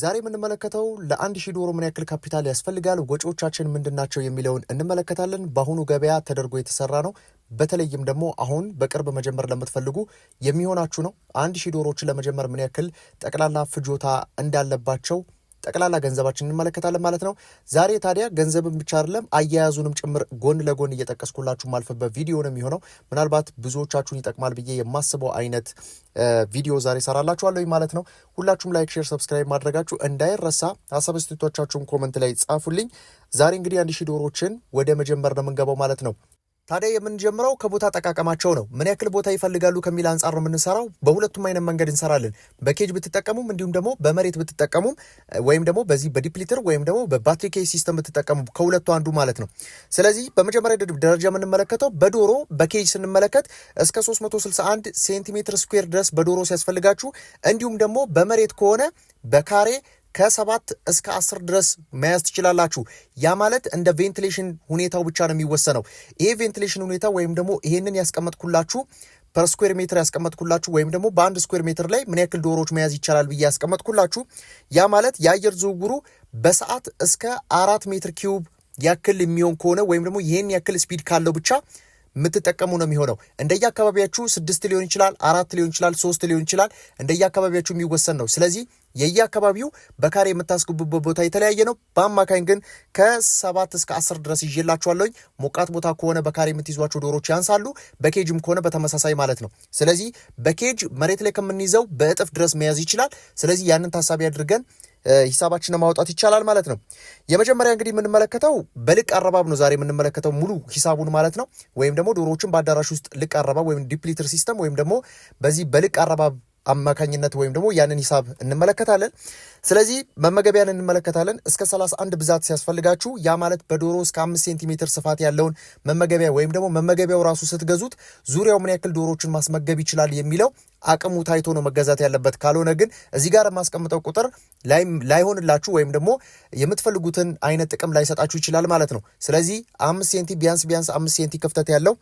ዛሬ የምንመለከተው ለአንድ ሺህ ዶሮ ምን ያክል ካፒታል ያስፈልጋል፣ ወጪዎቻችን ምንድን ናቸው የሚለውን እንመለከታለን። በአሁኑ ገበያ ተደርጎ የተሰራ ነው። በተለይም ደግሞ አሁን በቅርብ መጀመር ለምትፈልጉ የሚሆናችሁ ነው። አንድ ሺህ ዶሮዎችን ለመጀመር ምን ያክል ጠቅላላ ፍጆታ እንዳለባቸው ጠቅላላ ገንዘባችን እንመለከታለን ማለት ነው። ዛሬ ታዲያ ገንዘብን ብቻ አይደለም አያያዙንም ጭምር ጎን ለጎን እየጠቀስኩላችሁ ማልፈበት ቪዲዮ ነው የሚሆነው። ምናልባት ብዙዎቻችሁን ይጠቅማል ብዬ የማስበው አይነት ቪዲዮ ዛሬ ሰራላችኋለሁ ማለት ነው። ሁላችሁም ላይክ፣ ሼር፣ ሰብስክራይብ ማድረጋችሁ እንዳይረሳ። ሀሳብ ኮመንት ላይ ጻፉልኝ። ዛሬ እንግዲህ አንድ ሺህ ዶሮችን ወደ መጀመር ነው የምንገባው ማለት ነው። ታዲያ የምንጀምረው ከቦታ አጠቃቀማቸው ነው። ምን ያክል ቦታ ይፈልጋሉ ከሚል አንጻር ነው የምንሰራው። በሁለቱም አይነት መንገድ እንሰራለን። በኬጅ ብትጠቀሙም እንዲሁም ደግሞ በመሬት ብትጠቀሙም ወይም ደግሞ በዚህ በዲፕሊትር ወይም ደግሞ በባትሪ ኬጅ ሲስተም ብትጠቀሙ ከሁለቱ አንዱ ማለት ነው። ስለዚህ በመጀመሪያ ደረጃ የምንመለከተው በዶሮ በኬጅ ስንመለከት እስከ 361 ሴንቲሜትር ስኩዌር ድረስ በዶሮ ሲያስፈልጋችሁ እንዲሁም ደግሞ በመሬት ከሆነ በካሬ ከሰባት እስከ አስር ድረስ መያዝ ትችላላችሁ። ያ ማለት እንደ ቬንቲሌሽን ሁኔታው ብቻ ነው የሚወሰነው። ይሄ ቬንቲሌሽን ሁኔታ ወይም ደግሞ ይሄንን ያስቀመጥኩላችሁ ፐር ስኩዌር ሜትር ያስቀመጥኩላችሁ ወይም ደግሞ በአንድ ስኩዌር ሜትር ላይ ምን ያክል ዶሮዎች መያዝ ይቻላል ብዬ ያስቀመጥኩላችሁ፣ ያ ማለት የአየር ዝውውሩ በሰዓት እስከ አራት ሜትር ኪዩብ ያክል የሚሆን ከሆነ ወይም ደግሞ ይህን ያክል ስፒድ ካለው ብቻ የምትጠቀሙ ነው የሚሆነው። እንደየ አካባቢያችሁ ስድስት ሊሆን ይችላል፣ አራት ሊሆን ይችላል፣ ሶስት ሊሆን ይችላል። እንደየ አካባቢያችሁ የሚወሰን ነው። ስለዚህ የየአካባቢው በካሬ የምታስገቡበት ቦታ የተለያየ ነው። በአማካኝ ግን ከሰባት እስከ አስር ድረስ ይዤላችኋለኝ። ሞቃት ቦታ ከሆነ በካሬ የምትይዟቸው ዶሮች ያንሳሉ፣ በኬጅም ከሆነ በተመሳሳይ ማለት ነው። ስለዚህ በኬጅ መሬት ላይ ከምንይዘው በእጥፍ ድረስ መያዝ ይችላል። ስለዚህ ያንን ታሳቢ አድርገን ሂሳባችንን ማውጣት ይቻላል ማለት ነው። የመጀመሪያ እንግዲህ የምንመለከተው በልቅ አረባብ ነው ዛሬ የምንመለከተው ሙሉ ሂሳቡን ማለት ነው። ወይም ደግሞ ዶሮዎችን በአዳራሽ ውስጥ ልቅ አረባብ ወይም ዲፕሊትር ሲስተም ወይም ደግሞ በዚህ በልቅ አረባብ አማካኝነት ወይም ደግሞ ያንን ሂሳብ እንመለከታለን። ስለዚህ መመገቢያን እንመለከታለን። እስከ 31 ብዛት ሲያስፈልጋችሁ ያ ማለት በዶሮ እስከ 5 ሴንቲሜትር ስፋት ያለውን መመገቢያ ወይም ደግሞ መመገቢያው ራሱ ስትገዙት ዙሪያው ምን ያክል ዶሮዎችን ማስመገብ ይችላል የሚለው አቅሙ ታይቶ ነው መገዛት ያለበት። ካልሆነ ግን እዚህ ጋር የማስቀምጠው ቁጥር ላይሆንላችሁ ወይም ደግሞ የምትፈልጉትን አይነት ጥቅም ላይሰጣችሁ ይችላል ማለት ነው። ስለዚህ አምስት ሴንቲ ቢያንስ ቢያንስ አምስት ሴንቲ ክፍተት ያለው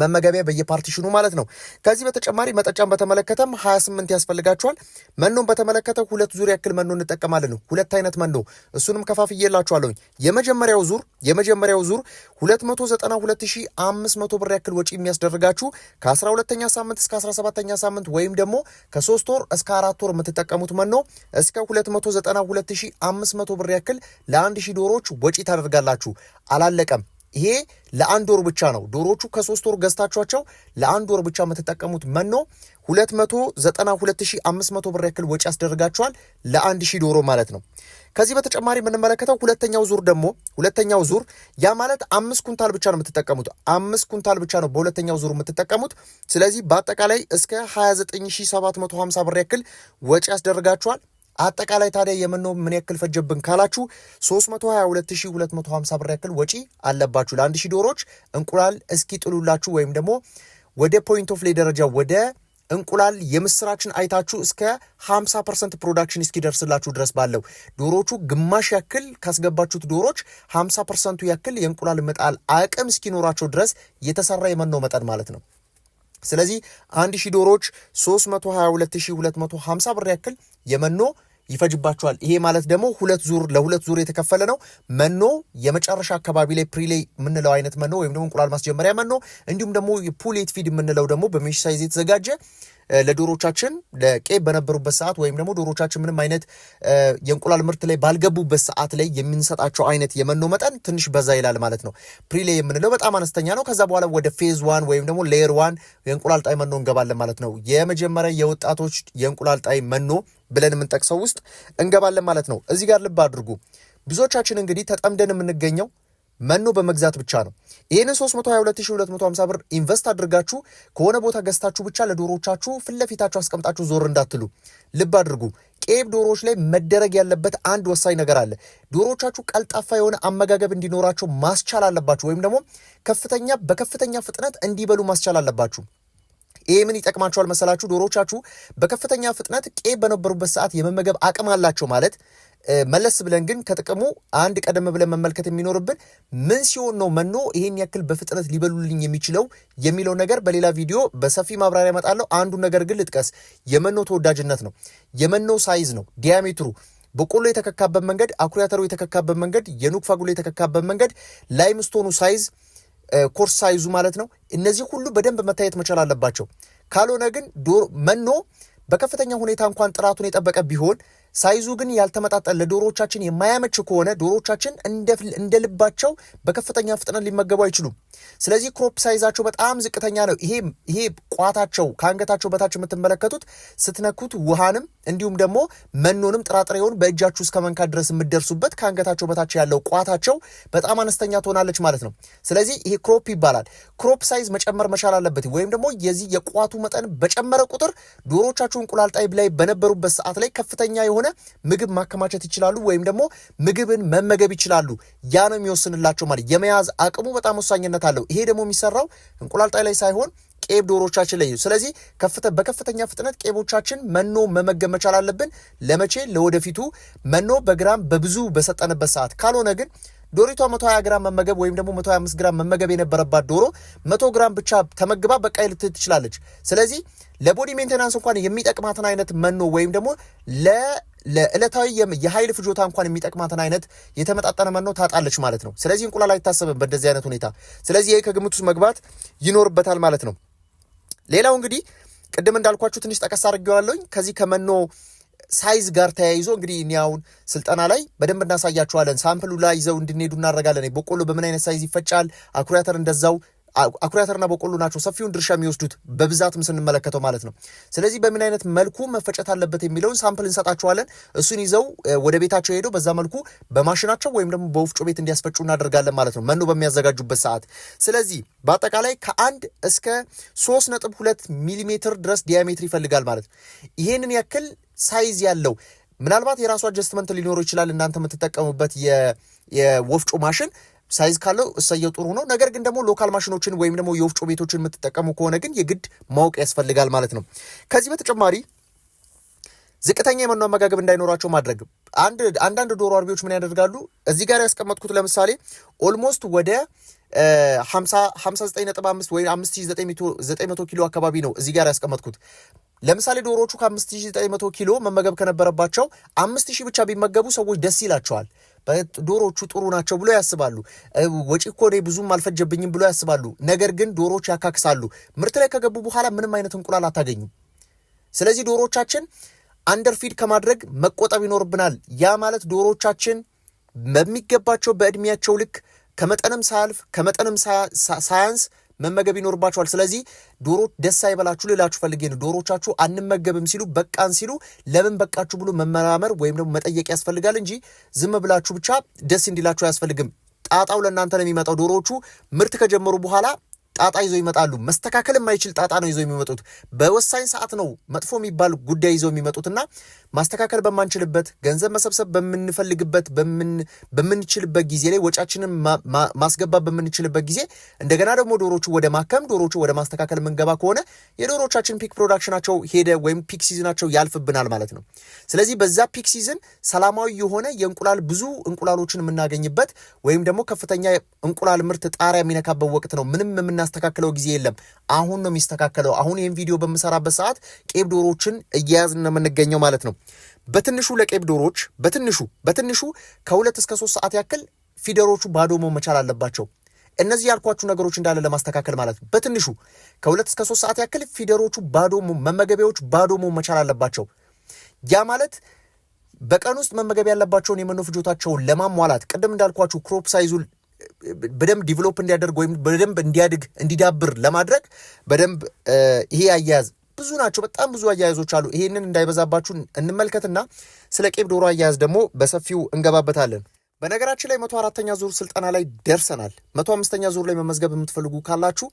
መመገቢያ በየፓርቲሽኑ ማለት ነው። ከዚህ በተጨማሪ መጠጫን በተመለከተም 28 ያስፈልጋቸዋል። መኖን በተመለከተ ሁለት ዙር ያክል መኖ እንጠቀማለን። ሁለት አይነት መኖ እሱንም ከፋፍዬላችኋለሁኝ። የመጀመሪያው ዙር የመጀመሪያው ዙር 292500 ብር ያክል ወጪ የሚያስደርጋችሁ ከ12ተኛ ሳምንት እስከ 17ተኛ ሳምንት ወይም ደግሞ ከ3 ወር እስከ አራት ወር የምትጠቀሙት መኖ እስከ 292500 ብር ያክል ለ1000 ዶሮች ወጪ ታደርጋላችሁ። አላለቀም። ይሄ ለአንድ ወር ብቻ ነው። ዶሮቹ ከሶስት ወር ገዝታችኋቸው ለአንድ ወር ብቻ የምትጠቀሙት መኖ 292500 ብር ያክል ወጪ ያስደርጋችኋል ለአንድ ሺህ ዶሮ ማለት ነው። ከዚህ በተጨማሪ የምንመለከተው ሁለተኛው ዙር ደግሞ ሁለተኛው ዙር ያ ማለት አምስት ኩንታል ብቻ ነው የምትጠቀሙት። አምስት ኩንታል ብቻ ነው በሁለተኛው ዙር የምትጠቀሙት። ስለዚህ በአጠቃላይ እስከ 29750 ብር ያክል ወጪ ያስደርጋችኋል። አጠቃላይ ታዲያ የመኖ ምን ያክል ፈጀብን ካላችሁ 322250 ብር ያክል ወጪ አለባችሁ። ለ1000 ዶሮች እንቁላል እስኪ ጥሉላችሁ ወይም ደግሞ ወደ ፖይንት ኦፍ ላይ ደረጃ ወደ እንቁላል የምስራችን አይታችሁ እስከ 50 ፐርሰንት ፕሮዳክሽን እስኪደርስላችሁ ድረስ ባለው ዶሮቹ ግማሽ ያክል ካስገባችሁት ዶሮች 50 ፐርሰንቱ ያክል የእንቁላል መጣል አቅም እስኪኖራቸው ድረስ የተሰራ የመኖ መጠን ማለት ነው። ስለዚህ 1000 ዶሮች 322250 ብር ያክል የመኖ ይፈጅባቸዋል። ይሄ ማለት ደግሞ ሁለት ዙር ለሁለት ዙር የተከፈለ ነው። መኖ የመጨረሻ አካባቢ ላይ ፕሪሌይ የምንለው አይነት መኖ ወይም ደግሞ እንቁላል ማስጀመሪያ መኖ እንዲሁም ደግሞ ፑሌት ፊድ የምንለው ደግሞ በሜሽ ሳይዝ የተዘጋጀ ለዶሮቻችን ለቄብ በነበሩበት ሰዓት ወይም ደግሞ ዶሮቻችን ምንም አይነት የእንቁላል ምርት ላይ ባልገቡበት ሰዓት ላይ የምንሰጣቸው አይነት የመኖ መጠን ትንሽ በዛ ይላል ማለት ነው። ፕሪሌ የምንለው በጣም አነስተኛ ነው። ከዛ በኋላ ወደ ፌዝ ዋን ወይም ደግሞ ሌየር ዋን የእንቁላል ጣይ መኖ እንገባለን ማለት ነው። የመጀመሪያ የወጣቶች የእንቁላል ጣይ መኖ ብለን የምንጠቅሰው ውስጥ እንገባለን ማለት ነው። እዚህ ጋር ልብ አድርጉ። ብዙዎቻችን እንግዲህ ተጠምደን የምንገኘው መኖ በመግዛት ብቻ ነው። ይህንን 322250 ብር ኢንቨስት አድርጋችሁ ከሆነ ቦታ ገዝታችሁ ብቻ ለዶሮቻችሁ ፊት ለፊታችሁ አስቀምጣችሁ ዞር እንዳትሉ ልብ አድርጉ። ቄብ ዶሮዎች ላይ መደረግ ያለበት አንድ ወሳኝ ነገር አለ። ዶሮቻችሁ ቀልጣፋ የሆነ አመጋገብ እንዲኖራቸው ማስቻል አለባችሁ፣ ወይም ደግሞ ከፍተኛ በከፍተኛ ፍጥነት እንዲበሉ ማስቻል አለባችሁ። ይህ ምን ይጠቅማቸዋል መሰላችሁ? ዶሮቻችሁ በከፍተኛ ፍጥነት ቄብ በነበሩበት ሰዓት የመመገብ አቅም አላቸው ማለት መለስ ብለን ግን ከጥቅሙ አንድ ቀደም ብለን መመልከት የሚኖርብን ምን ሲሆን ነው መኖ ይሄን ያክል በፍጥነት ሊበሉልኝ የሚችለው የሚለው ነገር በሌላ ቪዲዮ በሰፊ ማብራሪያ እመጣለሁ። አንዱ ነገር ግን ልጥቀስ፣ የመኖ ተወዳጅነት ነው። የመኖ ሳይዝ ነው፣ ዲያሜትሩ በቆሎ የተከካበት መንገድ፣ አኩሪ አተሩ የተከካበት መንገድ፣ የኑግ ፋጉሎ የተከካበት መንገድ፣ ላይምስቶኑ ሳይዝ፣ ኮርስ ሳይዙ ማለት ነው። እነዚህ ሁሉ በደንብ መታየት መቻል አለባቸው። ካልሆነ ግን መኖ በከፍተኛ ሁኔታ እንኳን ጥራቱን የጠበቀ ቢሆን ሳይዙ ግን ያልተመጣጠን ለዶሮዎቻችን የማያመች ከሆነ ዶሮቻችን እንደ ልባቸው በከፍተኛ ፍጥነት ሊመገቡ አይችሉም። ስለዚህ ክሮፕ ሳይዛቸው በጣም ዝቅተኛ ነው። ይሄ ቋታቸው ከአንገታቸው በታች የምትመለከቱት ስትነኩት ውሃንም እንዲሁም ደግሞ መኖንም ጥራጥሬውን በእጃችሁ እስከ መንካት ድረስ የምትደርሱበት ከአንገታቸው በታች ያለው ቋታቸው በጣም አነስተኛ ትሆናለች ማለት ነው። ስለዚህ ይሄ ክሮፕ ይባላል። ክሮፕ ሳይዝ መጨመር መቻል አለበት። ወይም ደግሞ የዚህ የቋቱ መጠን በጨመረ ቁጥር ዶሮቻችሁ እንቁላል ላይ በነበሩበት ሰዓት ላይ ከፍተኛ የሆነ ከሆነ ምግብ ማከማቸት ይችላሉ ወይም ደግሞ ምግብን መመገብ ይችላሉ። ያ ነው የሚወስንላቸው ማለት የመያዝ አቅሙ በጣም ወሳኝነት አለው። ይሄ ደግሞ የሚሰራው እንቁላል ጣይ ላይ ሳይሆን ቄብ ዶሮቻችን ላይ ስለዚህ ከፍተ በከፍተኛ ፍጥነት ቄቦቻችን መኖ መመገብ መቻል አለብን። ለመቼ? ለወደፊቱ መኖ በግራም በብዙ በሰጠንበት ሰዓት ካልሆነ ግን ዶሪቷ 120 ግራም መመገብ ወይም ደግሞ 125 ግራም መመገብ የነበረባት ዶሮ 100 ግራም ብቻ ተመግባ በቃ ልትል ትችላለች። ስለዚህ ለቦዲ ሜንቴናንስ እንኳን የሚጠቅማትን አይነት መኖ ወይም ደግሞ ለዕለታዊ የኃይል ፍጆታ እንኳን የሚጠቅማትን አይነት የተመጣጠነ መኖ ታጣለች ማለት ነው። ስለዚህ እንቁላል አይታሰብም በእንደዚህ አይነት ሁኔታ። ስለዚህ ይሄ ከግምት ውስጥ መግባት ይኖርበታል ማለት ነው። ሌላው እንግዲህ ቅድም እንዳልኳችሁ ትንሽ ጠቀስ አድርጌዋለሁኝ ከዚህ ከመኖ ሳይዝ ጋር ተያይዞ እንግዲህ እኔ አሁን ስልጠና ላይ በደንብ እናሳያችኋለን። ሳምፕሉ ላይ ይዘው እንድንሄዱ እናደርጋለን። በቆሎ በምን አይነት ሳይዝ ይፈጫል? አኩሪ አተር እንደዛው አኩሪ አተርና በቆሎ ናቸው ሰፊውን ድርሻ የሚወስዱት በብዛትም ስንመለከተው ማለት ነው። ስለዚህ በምን አይነት መልኩ መፈጨት አለበት የሚለውን ሳምፕል እንሰጣቸዋለን። እሱን ይዘው ወደ ቤታቸው ሄደው በዛ መልኩ በማሽናቸው ወይም ደግሞ በወፍጮ ቤት እንዲያስፈጩ እናደርጋለን ማለት ነው መኖ በሚያዘጋጁበት ሰዓት። ስለዚህ በአጠቃላይ ከአንድ እስከ ሶስት ነጥብ ሁለት ሚሊሜትር ድረስ ዲያሜትር ይፈልጋል ማለት ነው። ይህንን ያክል ሳይዝ ያለው ምናልባት የራሱ አጀስትመንት ሊኖረው ይችላል። እናንተ የምትጠቀሙበት የወፍጮ ማሽን ሳይዝ ካለው እሰየው ጥሩ ነው። ነገር ግን ደግሞ ሎካል ማሽኖችን ወይም ደግሞ የወፍጮ ቤቶችን የምትጠቀሙ ከሆነ ግን የግድ ማወቅ ያስፈልጋል ማለት ነው። ከዚህ በተጨማሪ ዝቅተኛ የመኖ አመጋገብ እንዳይኖራቸው ማድረግ። አንዳንድ ዶሮ አርቢዎች ምን ያደርጋሉ? እዚህ ጋር ያስቀመጥኩት ለምሳሌ ኦልሞስት ወደ 59.5 ወይም 5900 ኪሎ አካባቢ ነው እዚህ ጋር ያስቀመጥኩት ለምሳሌ ዶሮዎቹ ከ5900 ኪሎ መመገብ ከነበረባቸው 5000 ብቻ ቢመገቡ ሰዎች ደስ ይላቸዋል። ዶሮቹ ጥሩ ናቸው ብሎ ያስባሉ። ወጪ እኮ እኔ ብዙም አልፈጀብኝም ብሎ ያስባሉ። ነገር ግን ዶሮዎች ያካክሳሉ። ምርት ላይ ከገቡ በኋላ ምንም አይነት እንቁላል አታገኙም። ስለዚህ ዶሮዎቻችን አንደርፊድ ከማድረግ መቆጠብ ይኖርብናል። ያ ማለት ዶሮዎቻችን በሚገባቸው በእድሜያቸው ልክ ከመጠንም ሳያልፍ ከመጠንም ሳያንስ መመገብ ይኖርባቸዋል ስለዚህ ዶሮ ደስ አይበላችሁ ልላችሁ ፈልጌ ነው። ዶሮቻችሁ አንመገብም ሲሉ በቃን ሲሉ ለምን በቃችሁ ብሎ መመራመር ወይም ደግሞ መጠየቅ ያስፈልጋል እንጂ ዝም ብላችሁ ብቻ ደስ እንዲላችሁ አያስፈልግም። ጣጣው ለእናንተ ነው የሚመጣው። ዶሮዎቹ ምርት ከጀመሩ በኋላ ጣጣ ይዘው ይመጣሉ። መስተካከል የማይችል ጣጣ ነው ይዘው የሚመጡት። በወሳኝ ሰዓት ነው መጥፎ የሚባል ጉዳይ ይዘው የሚመጡትና ማስተካከል በማንችልበት ገንዘብ መሰብሰብ በምንፈልግበት በምንችልበት ጊዜ ላይ ወጫችንን ማስገባት በምንችልበት ጊዜ እንደገና ደግሞ ዶሮቹ ወደ ማከም ዶሮቹ ወደ ማስተካከል የምንገባ ከሆነ የዶሮቻችን ፒክ ፕሮዳክሽናቸው ሄደ ወይም ፒክ ሲዝናቸው ያልፍብናል ማለት ነው። ስለዚህ በዛ ፒክ ሲዝን ሰላማዊ የሆነ የእንቁላል ብዙ እንቁላሎችን የምናገኝበት ወይም ደግሞ ከፍተኛ እንቁላል ምርት ጣሪያ የሚነካበት ወቅት ነው ምንም የምና የምናስተካክለው ጊዜ የለም። አሁን ነው የሚስተካከለው። አሁን ይህን ቪዲዮ በምሰራበት ሰዓት ቄብ ዶሮዎችን እየያዝን ነው የምንገኘው ማለት ነው። በትንሹ ለቄብ ዶሮዎች በትንሹ በትንሹ ከሁለት እስከ ሶስት ሰዓት ያክል ፊደሮቹ ባዶ መሆን መቻል አለባቸው። እነዚህ ያልኳችሁ ነገሮች እንዳለ ለማስተካከል ማለት ነው። በትንሹ ከሁለት እስከ ሶስት ሰዓት ያክል ፊደሮቹ ባዶ መመገቢያዎች ባዶ መሆን መቻል አለባቸው። ያ ማለት በቀን ውስጥ መመገብ ያለባቸውን የመኖ ፍጆታቸውን ለማሟላት ቅድም እንዳልኳችሁ ክሮፕ ሳይዙ በደንብ ዲቨሎፕ እንዲያደርግ ወይም በደንብ እንዲያድግ እንዲዳብር ለማድረግ በደንብ ይሄ አያያዝ ብዙ ናቸው። በጣም ብዙ አያያዞች አሉ። ይሄንን እንዳይበዛባችሁ እንመልከትና ስለ ቄብ ዶሮ አያያዝ ደግሞ በሰፊው እንገባበታለን። በነገራችን ላይ መቶ አራተኛ ዙር ስልጠና ላይ ደርሰናል። መቶ አምስተኛ ዙር ላይ መመዝገብ የምትፈልጉ ካላችሁ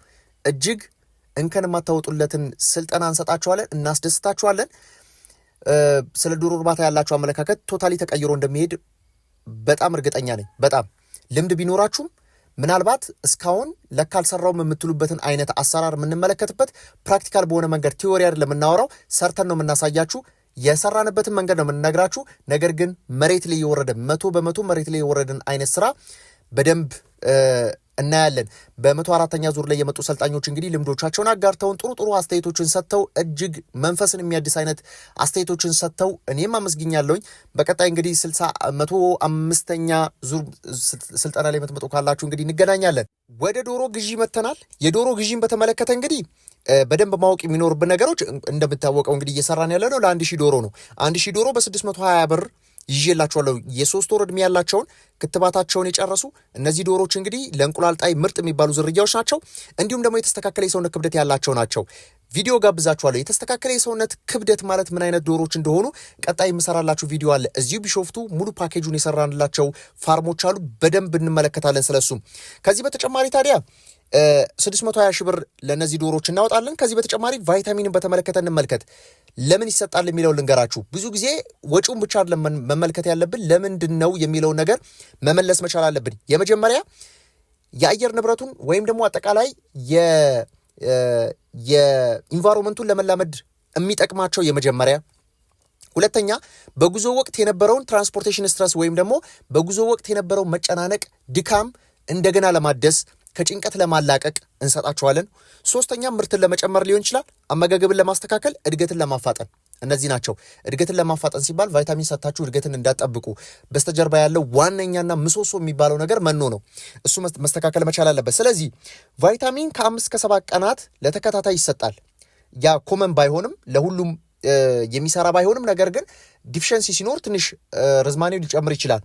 እጅግ እንከን የማታወጡለትን ስልጠና እንሰጣችኋለን፣ እናስደስታችኋለን። ስለ ዶሮ እርባታ ያላችሁ አመለካከት ቶታሊ ተቀይሮ እንደሚሄድ በጣም እርግጠኛ ነኝ። በጣም ልምድ ቢኖራችሁም ምናልባት እስካሁን ለካ አልሰራውም የምትሉበትን አይነት አሰራር የምንመለከትበት ፕራክቲካል በሆነ መንገድ ቲዎሪ አይደለም የምናወራው፣ ሰርተን ነው የምናሳያችሁ። የሰራንበትን መንገድ ነው የምንነግራችሁ። ነገር ግን መሬት ላይ የወረደ መቶ በመቶ መሬት ላይ የወረደን አይነት ስራ በደንብ እናያለን። በመቶ አራተኛ ዙር ላይ የመጡ ሰልጣኞች እንግዲህ ልምዶቻቸውን አጋርተውን ጥሩ ጥሩ አስተያየቶችን ሰጥተው እጅግ መንፈስን የሚያድስ አይነት አስተያየቶችን ሰጥተው እኔም አመስግኛለሁኝ። በቀጣይ እንግዲህ ስልሳ መቶ አምስተኛ ዙር ስልጠና ላይ የምትመጡ ካላችሁ እንግዲህ እንገናኛለን። ወደ ዶሮ ግዢ መተናል። የዶሮ ግዢን በተመለከተ እንግዲህ በደንብ ማወቅ የሚኖርብን ነገሮች እንደምታወቀው እንግዲህ እየሰራን ያለ ነው ለአንድ ሺህ ዶሮ ነው። አንድ ሺህ ዶሮ በስድስት መቶ ሀያ ብር ይዤላቸዋለሁ። የሶስት ወር እድሜ ያላቸውን ክትባታቸውን የጨረሱ እነዚህ ዶሮዎች እንግዲህ ለእንቁላል ጣይ ምርጥ የሚባሉ ዝርያዎች ናቸው። እንዲሁም ደግሞ የተስተካከለ የሰውነት ክብደት ያላቸው ናቸው። ቪዲዮ ጋብዛችኋለሁ። የተስተካከለ የሰውነት ክብደት ማለት ምን አይነት ዶሮች እንደሆኑ ቀጣይ የምሰራላችሁ ቪዲዮ አለ። እዚሁ ቢሾፍቱ ሙሉ ፓኬጁን የሰራንላቸው ፋርሞች አሉ። በደንብ እንመለከታለን ስለሱ። ከዚህ በተጨማሪ ታዲያ 620 ሺህ ብር ለእነዚህ ዶሮች እናወጣለን። ከዚህ በተጨማሪ ቫይታሚንን በተመለከተ እንመልከት። ለምን ይሰጣል የሚለው ልንገራችሁ። ብዙ ጊዜ ወጪውን ብቻ መመልከት ያለብን ለምንድን ነው የሚለው ነገር መመለስ መቻል አለብን። የመጀመሪያ የአየር ንብረቱን ወይም ደግሞ አጠቃላይ የኢንቫይሮንመንቱን ለመላመድ የሚጠቅማቸው የመጀመሪያ ሁለተኛ በጉዞ ወቅት የነበረውን ትራንስፖርቴሽን ስትረስ ወይም ደግሞ በጉዞ ወቅት የነበረው መጨናነቅ፣ ድካም እንደገና ለማደስ ከጭንቀት ለማላቀቅ እንሰጣችኋለን። ሶስተኛ ምርትን ለመጨመር ሊሆን ይችላል፣ አመጋገብን ለማስተካከል፣ እድገትን ለማፋጠን። እነዚህ ናቸው። እድገትን ለማፋጠን ሲባል ቫይታሚን ሰታችሁ እድገትን እንዳጠብቁ በስተጀርባ ያለው ዋነኛና ምሰሶ የሚባለው ነገር መኖ ነው። እሱ መስተካከል መቻል አለበት። ስለዚህ ቫይታሚን ከአምስት ከሰባት ቀናት ለተከታታይ ይሰጣል። ያ ኮመን ባይሆንም ለሁሉም የሚሰራ ባይሆንም ነገር ግን ዲፍሸንሲ ሲኖር ትንሽ ርዝማኔው ሊጨምር ይችላል።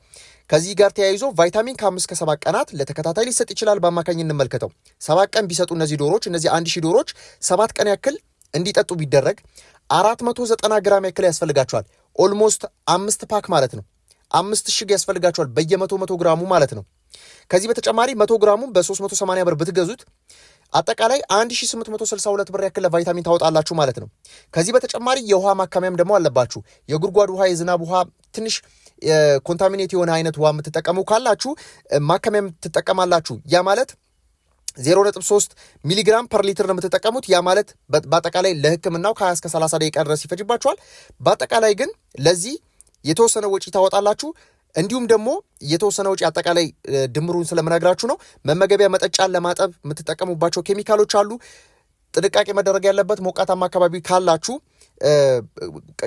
ከዚህ ጋር ተያይዞ ቫይታሚን ከአምስት ከሰባት ቀናት ለተከታታይ ሊሰጥ ይችላል። በአማካኝ እንመልከተው። ሰባት ቀን ቢሰጡ እነዚህ ዶሮዎች እነዚህ አንድ ሺህ ዶሮዎች ሰባት ቀን ያክል እንዲጠጡ ቢደረግ አራት መቶ ዘጠና ግራም ያክል ያስፈልጋቸዋል። ኦልሞስት አምስት ፓክ ማለት ነው። አምስት ሽግ ያስፈልጋቸዋል በየመቶ መቶ ግራሙ ማለት ነው። ከዚህ በተጨማሪ መቶ ግራሙን በ380 ብር ብትገዙት አጠቃላይ 1862 ብር ያክል ለቫይታሚን ታወጣላችሁ ማለት ነው። ከዚህ በተጨማሪ የውሃ ማካሚያም ደግሞ አለባችሁ። የጉድጓድ ውሃ፣ የዝናብ ውሃ ትንሽ ኮንታሚኔት የሆነ አይነት ውሃ የምትጠቀሙ ካላችሁ ማከሚያ ትጠቀማላችሁ። ያ ማለት 0.3 ሚሊግራም ፐር ሊትር ነው የምትጠቀሙት። ያ ማለት በአጠቃላይ ለሕክምናው ከ20 እስከ 30 ደቂቃ ድረስ ይፈጅባችኋል። በአጠቃላይ ግን ለዚህ የተወሰነ ወጪ ታወጣላችሁ። እንዲሁም ደግሞ የተወሰነ ውጪ አጠቃላይ ድምሩን ስለምነግራችሁ ነው። መመገቢያ መጠጫን ለማጠብ የምትጠቀሙባቸው ኬሚካሎች አሉ። ጥንቃቄ መደረግ ያለበት ሞቃታማ አካባቢ ካላችሁ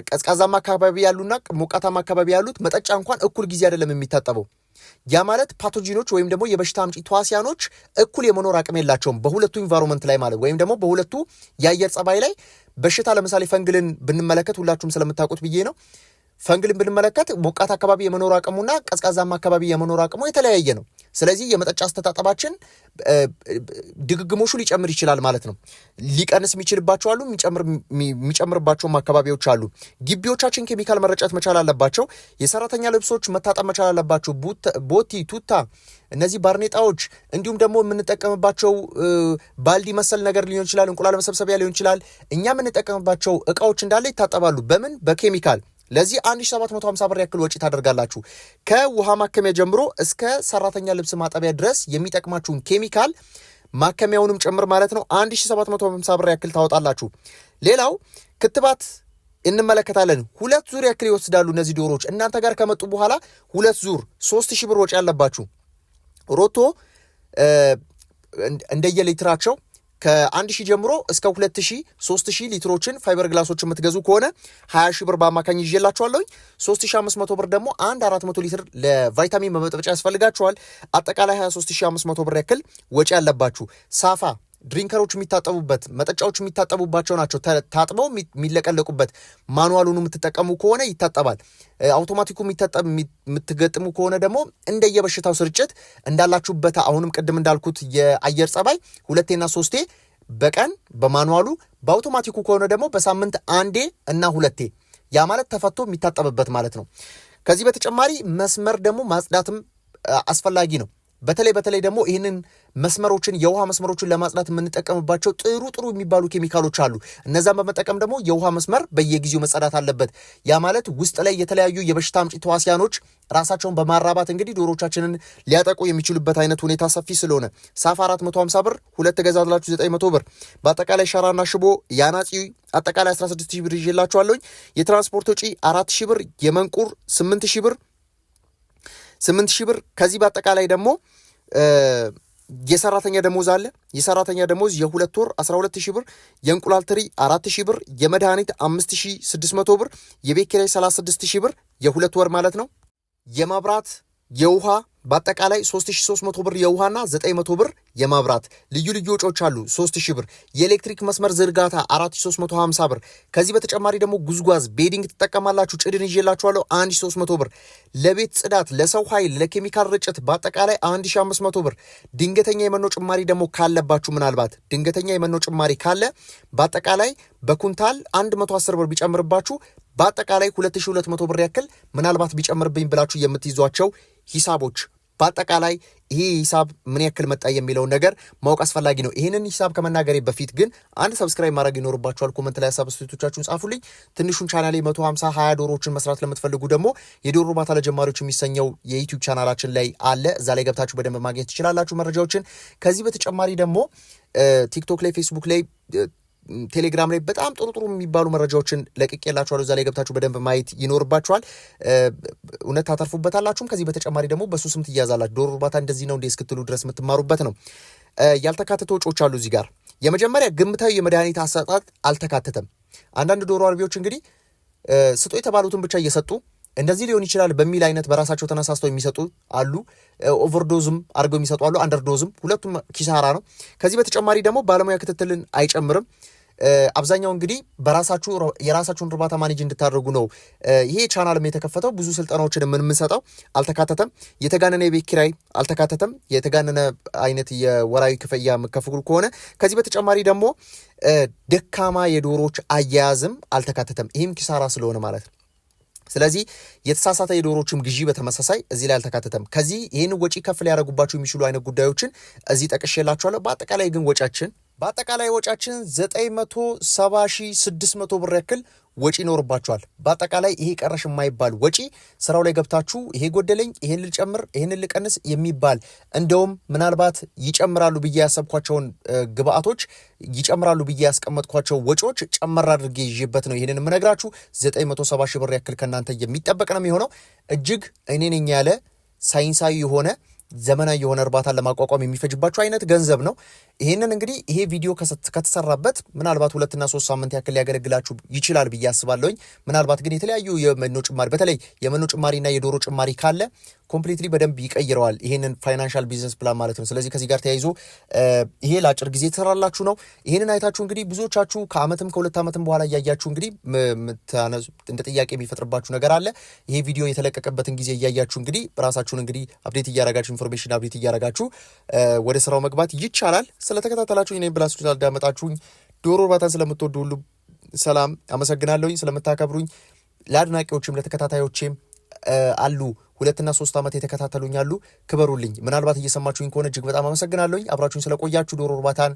ቀዝቃዛማ አካባቢ ያሉና ሞቃታማ አካባቢ ያሉት መጠጫ እንኳን እኩል ጊዜ አይደለም የሚታጠበው። ያ ማለት ፓቶጂኖች ወይም ደግሞ የበሽታ አምጪ ተዋሲያኖች እኩል የመኖር አቅም የላቸውም በሁለቱ ኢንቫይሮንመንት ላይ ማለት ወይም ደግሞ በሁለቱ የአየር ጸባይ ላይ በሽታ ለምሳሌ ፈንግልን ብንመለከት ሁላችሁም ስለምታውቁት ብዬ ነው ፈንግልን ብንመለከት ሞቃት አካባቢ የመኖር አቅሙና ቀዝቃዛማ አካባቢ የመኖር አቅሙ የተለያየ ነው። ስለዚህ የመጠጫ አስተጣጠባችን ድግግሞሹ ሊጨምር ይችላል ማለት ነው። ሊቀንስ የሚችልባቸው አሉ፣ የሚጨምርባቸውም አካባቢዎች አሉ። ግቢዎቻችን ኬሚካል መረጨት መቻል አለባቸው። የሰራተኛ ልብሶች መታጠብ መቻል አለባቸው። ቦቲ፣ ቱታ፣ እነዚህ ባርኔጣዎች እንዲሁም ደግሞ የምንጠቀምባቸው ባልዲ መሰል ነገር ሊሆን ይችላል፣ እንቁላል መሰብሰቢያ ሊሆን ይችላል። እኛ የምንጠቀምባቸው እቃዎች እንዳለ ይታጠባሉ። በምን በኬሚካል ለዚህ 1750 ብር ያክል ወጪ ታደርጋላችሁ። ከውሃ ማከሚያ ጀምሮ እስከ ሰራተኛ ልብስ ማጠቢያ ድረስ የሚጠቅማችሁን ኬሚካል ማከሚያውንም ጭምር ማለት ነው 1750 ብር ያክል ታወጣላችሁ። ሌላው ክትባት እንመለከታለን። ሁለት ዙር ያክል ይወስዳሉ እነዚህ ዶሮዎች እናንተ ጋር ከመጡ በኋላ ሁለት ዙር 3000 ብር ወጪ ያለባችሁ ሮቶ እንደየሌትራቸው ከአንድ ሺህ ጀምሮ እስከ ሁለት ሺህ ሶስት ሺህ ሊትሮችን ፋይበር ግላሶች የምትገዙ ከሆነ ሀያ ሺህ ብር በአማካኝ ይዤላችኋለሁኝ። ሶስት ሺህ አምስት መቶ ብር ደግሞ አንድ አራት መቶ ሊትር ለቫይታሚን መመጠጫ ያስፈልጋችኋል። አጠቃላይ ሀያ ሶስት ሺህ አምስት መቶ ብር ያክል ወጪ ያለባችሁ ሳፋ ድሪንከሮች የሚታጠቡበት መጠጫዎች የሚታጠቡባቸው ናቸው። ታጥበው የሚለቀለቁበት ማኑዋሉን የምትጠቀሙ ከሆነ ይታጠባል። አውቶማቲኩ የምትገጥሙ ከሆነ ደግሞ እንደየበሽታው ስርጭት እንዳላችሁበት፣ አሁንም ቅድም እንዳልኩት የአየር ጸባይ ሁለቴና ሶስቴ በቀን በማኑዋሉ በአውቶማቲኩ ከሆነ ደግሞ በሳምንት አንዴ እና ሁለቴ ያ ማለት ተፈቶ የሚታጠብበት ማለት ነው። ከዚህ በተጨማሪ መስመር ደግሞ ማጽዳትም አስፈላጊ ነው። በተለይ በተለይ ደግሞ ይህንን መስመሮችን የውሃ መስመሮችን ለማጽዳት የምንጠቀምባቸው ጥሩ ጥሩ የሚባሉ ኬሚካሎች አሉ። እነዛን በመጠቀም ደግሞ የውሃ መስመር በየጊዜው መጸዳት አለበት። ያ ማለት ውስጥ ላይ የተለያዩ የበሽታ አምጪ ተዋሲያኖች ራሳቸውን በማራባት እንግዲህ ዶሮቻችንን ሊያጠቁ የሚችሉበት አይነት ሁኔታ ሰፊ ስለሆነ ሳፍ 450 ብር ሁለት ገዛላችሁ 900 ብር በአጠቃላይ ሸራና ሽቦ የአናጺ አጠቃላይ 16000 ብር ይዤላችኋለሁኝ። የትራንስፖርት ወጪ 4000 ብር፣ የመንቁር 8000 ብር ስምንት ሺህ ብር ከዚህ በአጠቃላይ ደግሞ የሰራተኛ ደሞዝ አለ። የሰራተኛ ደሞዝ የሁለት ወር 12 ሺህ ብር፣ የእንቁላል ትሪ 4 ሺህ ብር፣ የመድኃኒት 5600 ብር፣ የቤት ኪራይ 36 ሺህ ብር የሁለት ወር ማለት ነው። የመብራት የውሃ በአጠቃላይ 3300 ብር የውሃና 900 ብር የመብራት ልዩ ልዩ ወጪዎች አሉ። 3000 ብር የኤሌክትሪክ መስመር ዝርጋታ 4350 ብር። ከዚህ በተጨማሪ ደግሞ ጉዝጓዝ ቤዲንግ ትጠቀማላችሁ። ጭድን ይዤላችኋለሁ 1300 ብር። ለቤት ጽዳት፣ ለሰው ኃይል፣ ለኬሚካል ርጭት በአጠቃላይ 1500 ብር። ድንገተኛ የመኖ ጭማሪ ደግሞ ካለባችሁ ምናልባት ድንገተኛ የመኖ ጭማሪ ካለ በአጠቃላይ በኩንታል 110 ብር ቢጨምርባችሁ በአጠቃላይ 2200 ብር ያክል ምናልባት ቢጨምርብኝ ብላችሁ የምትይዟቸው ሂሳቦች በአጠቃላይ ይህ ሂሳብ ምን ያክል መጣ የሚለውን ነገር ማወቅ አስፈላጊ ነው። ይህንን ሂሳብ ከመናገሬ በፊት ግን አንድ ሰብስክራይብ ማድረግ ይኖርባችኋል። ኮመንት ላይ ሀሳብ ስቶቻችሁን ጻፉልኝ። ትንሹን ቻናሌ ሀምሳ 20 ዶሮዎችን መስራት ለምትፈልጉ ደግሞ የዶሮ እርባታ ለጀማሪዎች የሚሰኘው የዩቲዩብ ቻናላችን ላይ አለ። እዛ ላይ ገብታችሁ በደንብ ማግኘት ትችላላችሁ መረጃዎችን። ከዚህ በተጨማሪ ደግሞ ቲክቶክ ላይ፣ ፌስቡክ ላይ ቴሌግራም ላይ በጣም ጥሩ ጥሩ የሚባሉ መረጃዎችን ለቅቄላችኋለሁ። እዛ ላይ ገብታችሁ በደንብ ማየት ይኖርባችኋል። እውነት ታተርፉበታላችሁም። ከዚህ በተጨማሪ ደግሞ በሱ ስም ትያዛላችሁ። ዶሮ እርባታ እንደዚህ ነው እንዴ እስክትሉ ድረስ የምትማሩበት ነው። ያልተካተቱ ወጪዎች አሉ እዚህ ጋር። የመጀመሪያ ግምታዊ የመድኃኒት አሰጣጥ አልተካተተም። አንዳንድ ዶሮ አርቢዎች እንግዲህ ስጡ የተባሉትን ብቻ እየሰጡ እንደዚህ ሊሆን ይችላል በሚል አይነት በራሳቸው ተነሳስተው የሚሰጡ አሉ። ኦቨርዶዝም አድርገው የሚሰጡ አሉ። አንደርዶዝም፣ ሁለቱም ኪሳራ ነው። ከዚህ በተጨማሪ ደግሞ ባለሙያ ክትትልን አይጨምርም። አብዛኛው እንግዲህ በራሳችሁ የራሳችሁን እርባታ ማኔጅ እንድታደርጉ ነው ይሄ ቻናልም የተከፈተው። ብዙ ስልጠናዎችን የምንሰጠው አልተካተተም። የተጋነነ የቤት ኪራይ አልተካተተም። የተጋነነ አይነት የወራዊ ክፍያ የምከፍሉ ከሆነ ከዚህ በተጨማሪ ደግሞ ደካማ የዶሮች አያያዝም አልተካተተም። ይህም ኪሳራ ስለሆነ ማለት ነው። ስለዚህ የተሳሳተ የዶሮችም ግዢ በተመሳሳይ እዚህ ላይ አልተካተተም። ከዚህ ይህን ወጪ ከፍ ሊያደርጉባቸው የሚችሉ አይነት ጉዳዮችን እዚህ ጠቅሼላችኋለሁ። በአጠቃላይ ግን ወጫችን በአጠቃላይ ወጫችን 970600 ብር ያክል ወጪ ይኖርባችኋል። በአጠቃላይ ይሄ ቀረሽ የማይባል ወጪ ስራው ላይ ገብታችሁ ይሄ ጎደለኝ፣ ይሄን ልጨምር፣ ይሄን ልቀንስ የሚባል እንደውም ምናልባት ይጨምራሉ ብዬ ያሰብኳቸውን ግብአቶች ይጨምራሉ ብዬ ያስቀመጥኳቸው ወጪዎች ጨመር አድርጌ ይዤበት ነው ይህንን የምነግራችሁ። 970 ሺህ ብር ያክል ከእናንተ የሚጠበቅ ነው የሚሆነው እጅግ እኔን ያለ ሳይንሳዊ የሆነ ዘመናዊ የሆነ እርባታን ለማቋቋም የሚፈጅባቸው አይነት ገንዘብ ነው። ይህንን እንግዲህ ይሄ ቪዲዮ ከተሰራበት ምናልባት ሁለትና ሶስት ሳምንት ያክል ሊያገለግላችሁ ይችላል ብዬ አስባለሁኝ። ምናልባት ግን የተለያዩ የመኖ ጭማሪ በተለይ የመኖ ጭማሪና የዶሮ ጭማሪ ካለ ኮምፕሊትሊ በደንብ ይቀይረዋል ይህንን ፋይናንሻል ቢዝነስ ፕላን ማለት ነው። ስለዚህ ከዚህ ጋር ተያይዞ ይሄ ለአጭር ጊዜ የተሰራላችሁ ነው። ይህንን አይታችሁ እንግዲህ ብዙዎቻችሁ ከአመትም ከሁለት ዓመትም በኋላ እያያችሁ እንግዲህ እንደ ጥያቄ የሚፈጥርባችሁ ነገር አለ። ይሄ ቪዲዮ የተለቀቀበትን ጊዜ እያያችሁ እንግዲህ ራሳችሁን እንግዲህ አፕዴት እያረጋችሁ ኢንፎርሜሽን አብዴት እያደረጋችሁ ወደ ስራው መግባት ይቻላል። ስለተከታተላችሁ እኔ ብላችሁ ስላዳመጣችሁኝ፣ ዶሮ እርባታን ስለምትወዱ ሁሉ ሰላም አመሰግናለሁኝ። ስለምታከብሩኝ ለአድናቂዎችም ለተከታታዮቼም አሉ ሁለትና ሶስት ዓመት የተከታተሉኝ አሉ፣ ክበሩልኝ። ምናልባት እየሰማችሁኝ ከሆነ እጅግ በጣም አመሰግናለሁኝ። አብራችሁኝ ስለቆያችሁ ዶሮ እርባታን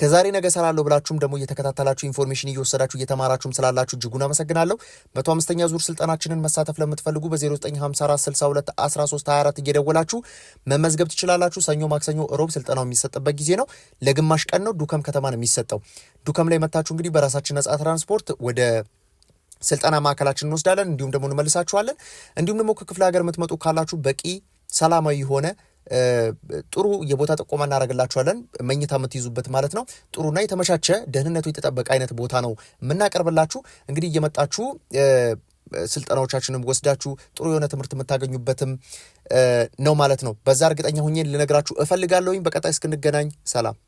ከዛሬ ነገ ሰራለሁ ብላችሁም ደግሞ እየተከታተላችሁ ኢንፎርሜሽን እየወሰዳችሁ እየተማራችሁም ስላላችሁ እጅጉን አመሰግናለሁ። መቶ አምስተኛ ዙር ስልጠናችንን መሳተፍ ለምትፈልጉ በ0954621324 እየደወላችሁ መመዝገብ ትችላላችሁ። ሰኞ፣ ማክሰኞ፣ ሮብ ስልጠናው የሚሰጥበት ጊዜ ነው። ለግማሽ ቀን ነው። ዱከም ከተማ ነው የሚሰጠው። ዱከም ላይ መታችሁ እንግዲህ በራሳችን ነጻ ትራንስፖርት ወደ ስልጠና ማዕከላችን እንወስዳለን። እንዲሁም ደግሞ እንመልሳችኋለን። እንዲሁም ደግሞ ከክፍለ ሀገር የምትመጡ ካላችሁ በቂ ሰላማዊ የሆነ ጥሩ የቦታ ጥቆማ እናደርግላችኋለን። መኝታ የምትይዙበት ማለት ነው። ጥሩና የተመቻቸ ደህንነቱ የተጠበቀ አይነት ቦታ ነው የምናቀርብላችሁ። እንግዲህ እየመጣችሁ ስልጠናዎቻችንም ወስዳችሁ ጥሩ የሆነ ትምህርት የምታገኙበትም ነው ማለት ነው። በዛ እርግጠኛ ሁኜ ልነግራችሁ እፈልጋለሁኝ። በቀጣይ እስክንገናኝ ሰላም።